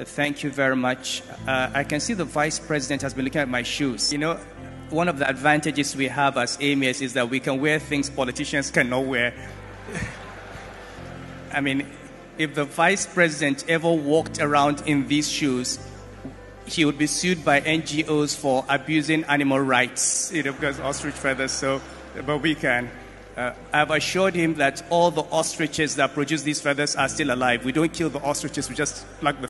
Thank you very much. Uh, I can see the vice president has been looking at my shoes. You know, one of the advantages we have as AMS is that we can wear things politicians cannot wear. I mean, if the vice president ever walked around in these shoes, he would be sued by NGOs for abusing animal rights, you know, because ostrich feathers, so, but we can. Uh, I've assured him that all the ostriches that produce these feathers are still alive. We don't kill the ostriches, we just pluck the